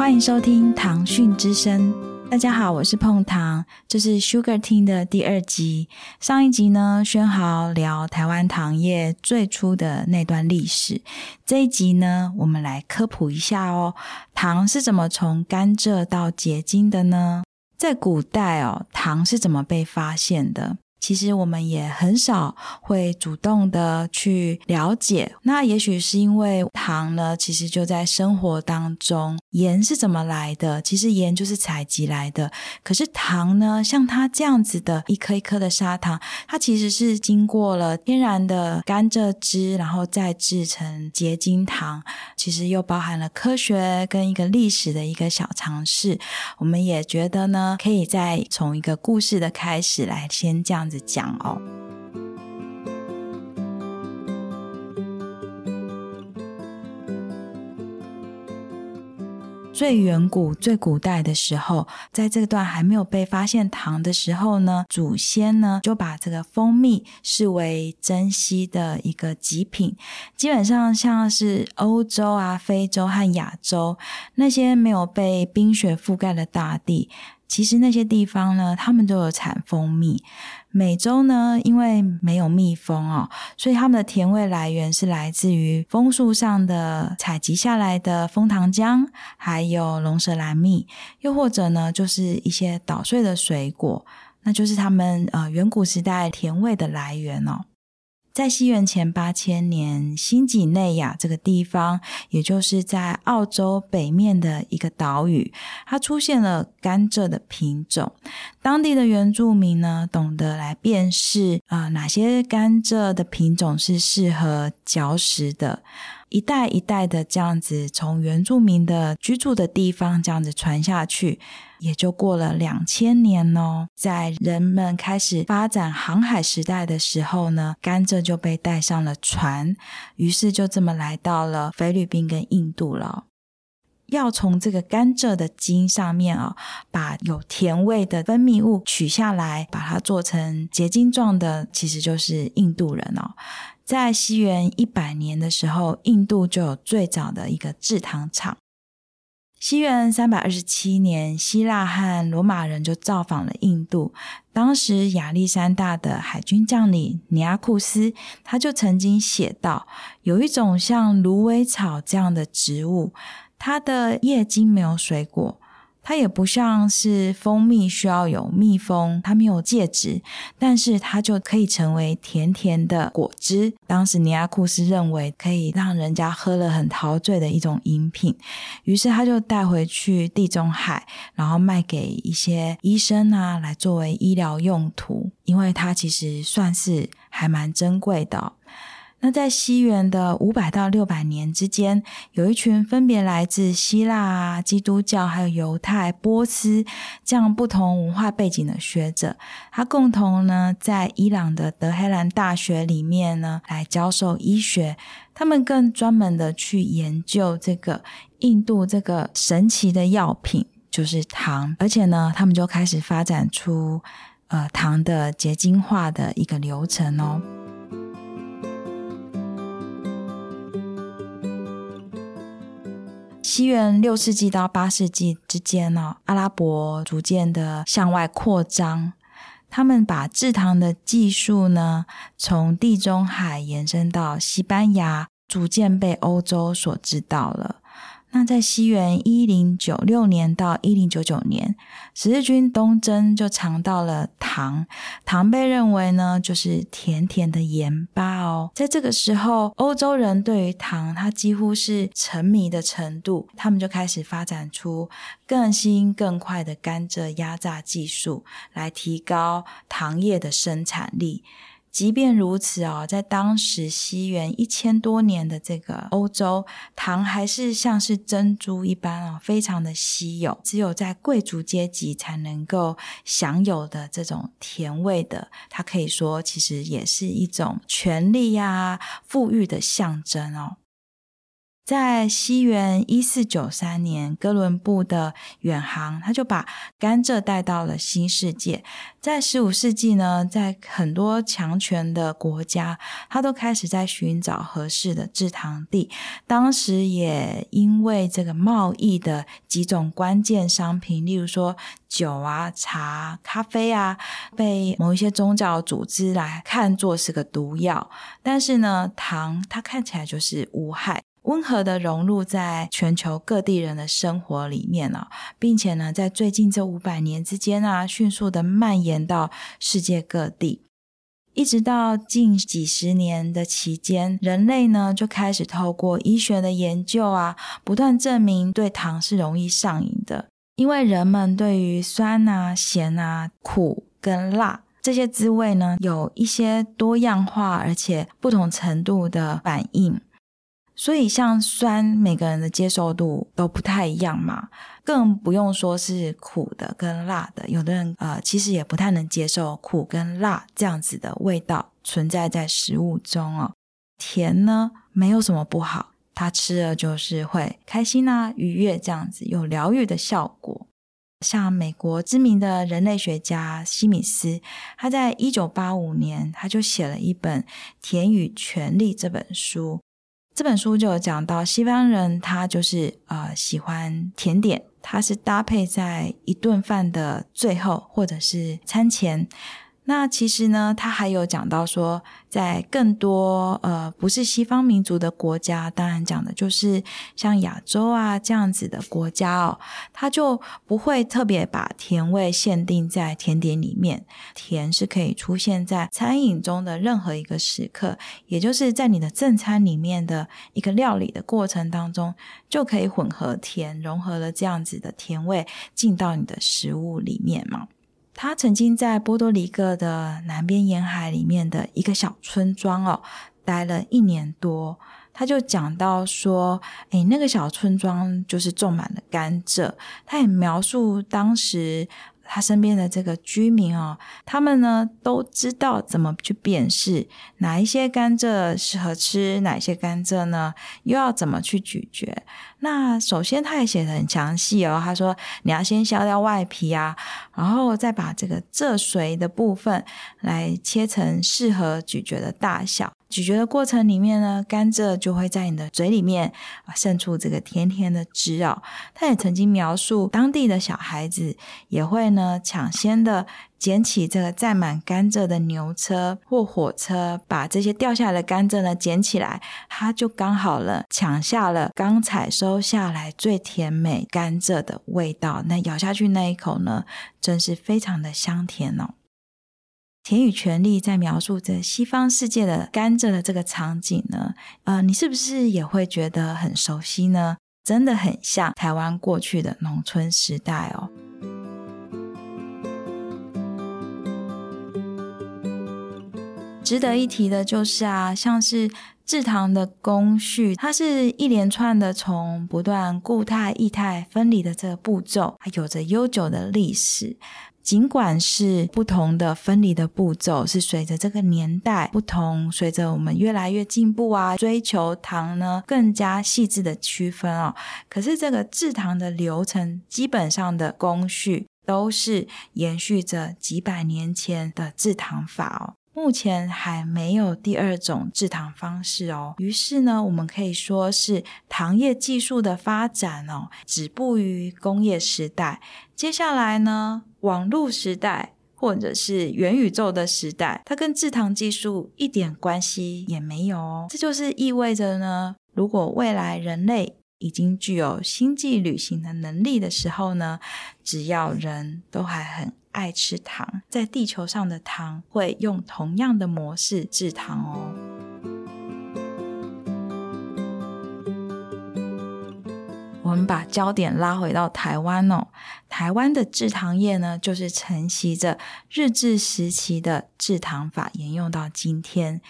歡迎收聽糖訊之聲，大家好，我是碰糖，這是 Sugar 聽的第二集。上一集呢，宣豪聊台灣糖業最初的那段歷史。這一集呢，我們來科普一下哦，糖是怎麼從甘蔗到結晶的呢？在古代哦，糖是怎麼被發現的？其實我們也很少會主動的去了解，那也許是因為糖呢，其實就在生活當中，鹽是怎麼來的？其實鹽就是採集來的。可是糖呢，像它這樣子的一顆一顆的砂糖，它其實是經過了天然的甘蔗汁，然後再製成結晶糖。其實又包含了科學跟一個歷史的一個小常識，我們也覺得呢，可以再從一個故事的開始來先這樣。講哦，最遠古、最古代的時候，在這段還沒有被發現糖的時候呢，祖先呢就把這個蜂蜜視為珍稀的一個極品。基本上像是歐洲啊、非洲和亞洲那些沒有被冰雪覆蓋的大地。其實那些地方呢，他們都有產蜂蜜。美洲呢，因為沒有蜜蜂哦，所以他們的甜味來源是來自於楓樹上的採集下來的楓糖漿，還有龍舌蘭蜜，又或者呢，就是一些搗碎的水果，那就是他們呃遠古時代甜味的來源哦。在西元前八千年，新幾內亞這個地方，也就是在澳洲北面的一個島嶼，它出現了甘蔗的品種。當地的原住民呢，懂得來辨識啊，呃，哪些甘蔗的品種是適合嚼食的。一代一代的這樣子，從原住民的居住的地方這樣子傳下去，也就過了兩千年哦。在人們開始發展航海時代的時候呢，甘蔗就被帶上了船，於是就這麼來到了菲律賓跟印度了。要從這個甘蔗的莖上面啊，哦，把有甜味的分泌物取下來，把它做成結晶狀的，其實就是印度人哦。在西元一百年的時候，印度就有最早的一個製糖廠。西元三百二十七年，希臘和羅馬人就造訪了印度。當時亞歷山大的海軍將領尼阿庫斯，他就曾經寫道，有一種像蘆葦草這樣的植物，它的葉莖沒有水果。它也不像是蜂蜜需要有蜜蜂，它沒有介質，但是它就可以成為甜甜的果汁。當時尼亞庫斯認為可以讓人家喝了很陶醉的一種飲品，於是他就帶回去地中海，然後賣給一些醫生啊，來作為醫療用途，因為它其實算是還蠻珍貴的。那在西元的五百到六百年之間，有一群分別來自希臘啊、基督教還有猶太、波斯這樣不同文化背景的學者，他共同呢在伊朗的德黑蘭大學裡面呢來教授醫學，他們更專門的去研究這個印度這個神奇的藥品就是糖，而且呢他們就開始發展出呃糖的結晶化的一個流程哦。西元六世紀到八世紀之間呢，阿拉伯逐漸的向外擴張，他們把製糖的技術呢，從地中海延伸到西班牙，逐漸被歐洲所知道了。那在西元一零九六年到一零九九年，十字軍東征就嘗到了糖，糖被認為呢就是甜甜的鹽巴哦。在這個時候，歐洲人對於糖，它幾乎是沉迷的程度，他們就開始發展出更新更快的甘蔗壓榨技術，來提高糖業的生產力。即便如此哦，在當時西元一千多年的這個歐洲，糖還是像是珍珠一般哦，非常的稀有，只有在貴族階級才能夠享有的這種甜味的，它可以說其實也是一種權力呀、啊、富裕的象徵哦。在西元一四九三年，哥倫布的遠航，他就把甘蔗帶到了新世界。在十五世紀呢，在很多強權的國家，他都開始在尋找合適的製糖地。當時也因為這個貿易的幾種關鍵商品，例如說酒啊、茶啊、咖啡啊，被某一些宗教組織來看作是個毒藥。但是呢，糖它看起來就是無害。溫和的融入在全球各地人的生活裡面啊，並且呢，在最近這五百年之間啊，迅速的蔓延到世界各地。一直到近幾十年的期間，人類呢就開始透過醫學的研究啊，不斷證明對糖是容易上癮的，因為人們對於酸啊、鹹啊、苦跟辣這些滋味呢，有一些多樣化而且不同程度的反應。所以，像酸，每個人的接受度都不太一樣嘛，更不用說是苦的跟辣的。有的人呃，其實也不太能接受苦跟辣這樣子的味道存在在食物中哦。甜呢，沒有什麼不好，他吃了就是會開心吶、啊、愉悅這樣子，有療癒的效果。像美國知名的人類學家西米斯，他在一九八五年，他就寫了一本《甜與權力》這本書。這本書就有講到，西方人他就是呃喜歡甜點，它是搭配在一頓飯的最後或者是餐前。那其實呢，他還有講到說，在更多呃不是西方民族的國家，當然講的就是像亞洲啊這樣子的國家哦，他就不會特別把甜味限定在甜點裡面，甜是可以出現在餐飲中的任何一個時刻，也就是在你的正餐裡面的一個料理的過程當中，就可以混合甜，融合了這樣子的甜味進到你的食物裡面嘛。他曾經在波多黎各的南邊沿海裡面的一個小村莊哦，待了一年多。他就講到說：“哎，那個小村莊就是種滿了甘蔗。”他也描述當時他身邊的這個居民哦，他們呢都知道怎麼去辨識哪一些甘蔗適合吃，哪一些甘蔗呢又要怎麼去咀嚼。那首先，他也寫得很詳細哦。他說：“你要先削掉外皮啊。”然後再把這個蔗髓的部分來切成適合咀嚼的大小，咀嚼的過程裡面呢，甘蔗就會在你的嘴裡面啊滲出這個甜甜的汁哦。他也曾經描述，當地的小孩子也會呢搶先的。撿起這個載滿甘蔗的牛車或火車，把這些掉下來的甘蔗呢撿起來，它就剛好了，搶下了剛採收下來最甜美甘蔗的味道。那咬下去那一口呢，真是非常的香甜哦。甜與權力在描述着西方世界的甘蔗的這個場景呢，呃，你是不是也會覺得很熟悉呢？真的很像台灣過去的農村時代哦。值得一提的就是啊，像是製糖的工序，它是一連串的從不斷固態、液態分離的這個步驟，它有着悠久的歷史。儘管是不同的分離的步驟是隨着這個年代不同，隨着我們越來越進步啊，追求糖呢更加細緻的區分哦。可是這個製糖的流程基本上的工序都是延續着幾百年前的製糖法哦。目前還沒有第二種製糖方式哦。於是呢，我們可以說是糖業技術的發展哦，止步於工業時代。接下來呢，網絡時代或者是元宇宙的時代，它跟製糖技術一點關係也沒有哦。這就是意味着呢，如果未來人類已經具有星際旅行的能力的時候呢，只要人都還很。愛吃糖，在地球上的糖會用同樣的模式制糖哦。我們把焦點拉回到台灣哦，台灣的制糖業呢，就是承襲着日治時期的制糖法，沿用到今天。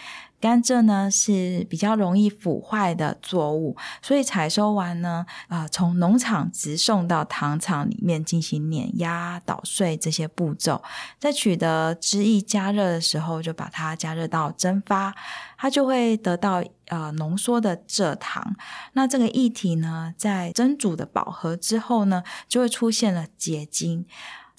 甘蔗呢是比較容易腐壞的作物，所以採收完呢，呃，從農場直送到糖廠裡面進行碾壓、搗碎這些步驟，在取得汁液加熱的時候，就把它加熱到蒸發，它就會得到，呃，濃縮的蔗糖。那這個液體呢，在蒸煮的飽和之後呢，就會出現了結晶。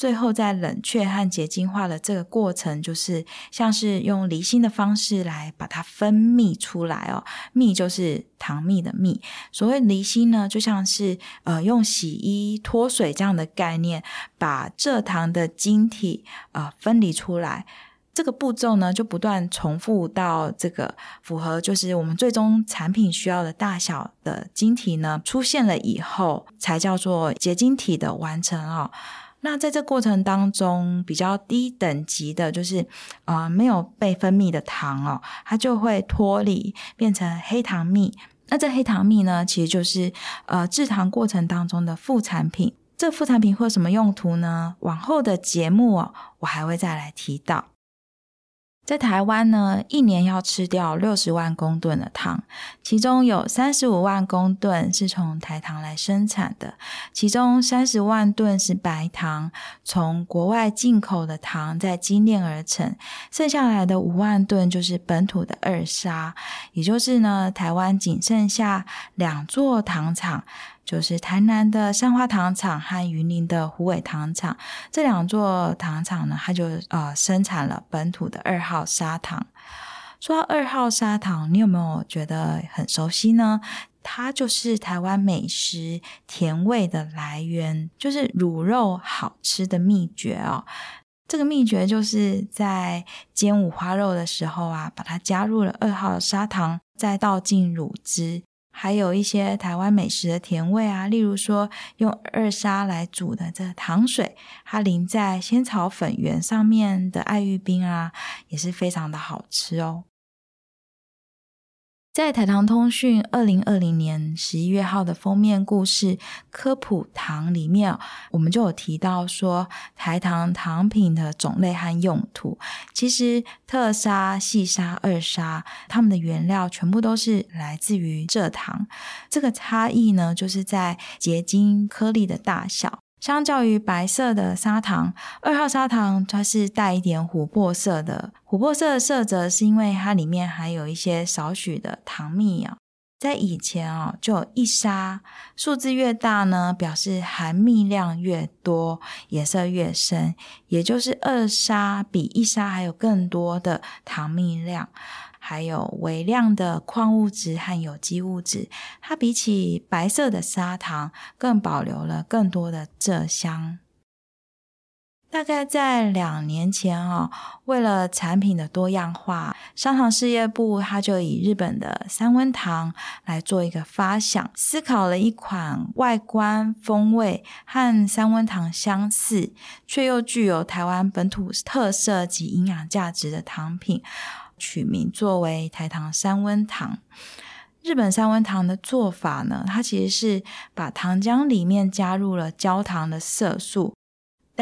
最後，在冷卻和結晶化的這個過程，就是像是用離心的方式來把它分蜜出來哦。蜜就是糖蜜的蜜。所謂離心呢，就像是呃用洗衣脫水這樣的概念，把蔗糖的晶體啊，呃，分離出來。這個步驟呢，就不斷重複到這個符合就是我們最終產品需要的大小的晶體呢出現了以後，才叫做結晶體的完成哦。那在這過程當中，比較低等級的，就是呃沒有被分泌的糖哦，它就會脫離變成黑糖蜜。那這黑糖蜜呢，其實就是呃製糖過程當中的副產品。這副產品會有什麼用途呢？往後的節目哦，我還會再來提到。在台灣呢，一年要吃掉六十萬公噸的糖，其中有三十五萬公噸是從台糖來生產的，其中三十萬噸是白糖，從國外進口的糖再精煉而成，剩下來的五萬噸就是本土的二砂，也就是呢，台灣僅剩下兩座糖廠。就是台南的山花糖廠和雲林的虎尾糖廠，這兩座糖廠呢，它就呃生產了本土的二號砂糖。說到二號砂糖，你有沒有覺得很熟悉呢？它就是台灣美食甜味的來源，就是乳肉好吃的秘訣哦。這個秘訣就是在煎五花肉的時候啊，把它加入了二號砂糖，再倒進乳汁。還有一些台灣美食的甜味啊，例如說用二砂來煮的這糖水，它淋在仙草粉圓上面的愛玉冰啊，也是非常的好吃哦。在台糖通訊二零二零年十一月號的封面故事《科普糖》裡面，我們就有提到說，台糖糖品的種類和用途。其實特砂、細砂、二砂，它們的原料全部都是來自於蔗糖，這個差異呢，就是在結晶顆粒的大小。相較於白色的砂糖，二號砂糖它是帶一點琥珀色的。琥珀色的色澤是因為它裡面含有一些少許的糖蜜啊。在以前啊，就有一砂，數字越大呢，表示含蜜量越多，顏色越深。也就是二砂比一砂還有更多的糖蜜量。還有微量的礦物質和有機物質，它比起白色的砂糖更保留了更多的蔗香。大概在兩年前啊，為了產品的多樣化，砂糖事業部他就以日本的三溫糖來做一個發想，思考了一款外觀、風味和三溫糖相似，卻又具有台灣本土特色及營養價值的糖品。取名作為台糖三溫糖，日本三溫糖的做法呢，它其實是把糖漿裡面加入了焦糖的色素。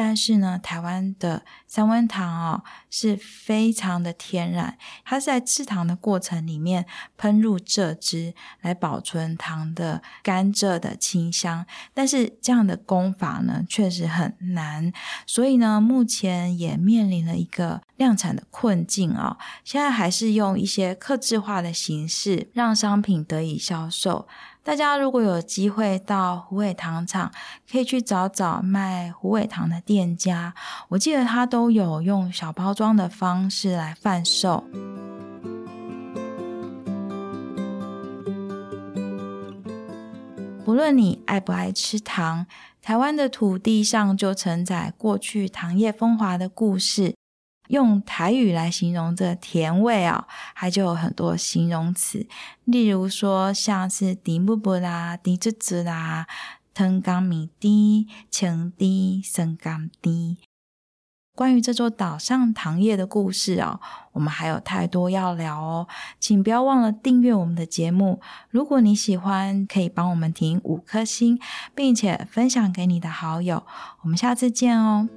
但是呢，台灣的三溫糖哦，是非常的天然，它在製糖的過程裡面噴入蔗汁來保存糖的甘蔗的清香。但是這樣的工法呢，確實很難，所以呢，目前也面臨了一個量產的困境啊、哦。現在還是用一些客製化的形式，讓商品得以銷售。大家如果有機會到虎尾糖廠，可以去找找賣虎尾糖的店家。我記得他都有用小包裝的方式來販售。不論你愛不愛吃糖，台灣的土地上就承載過去糖業風華的故事。用台語來形容這個甜味啊，還就有很多形容詞，例如說像是滴木木啦、滴滋滋啦、藤剛米滴、青滴、生剛滴。關於這座島上糖業的故事啊，我們還有太多要聊哦，請不要忘了訂閱我們的節目。如果你喜歡，可以幫我們評五顆星，並且分享給你的好友。我們下次見哦。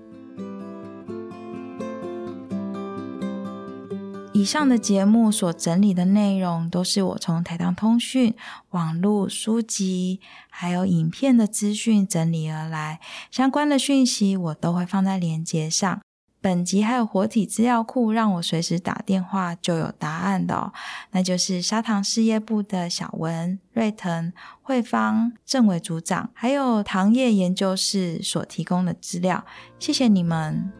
以上的節目所整理的內容，都是我從台糖通訊、網路、書籍，還有影片的資訊整理而來。相關的訊息我都會放在連結上。本集還有活體資料庫，讓我隨時打電話就有答案的哦，那就是砂糖事業部的小文、瑞騰、惠芳、政委組長，還有糖業研究室所提供的資料。謝謝你們。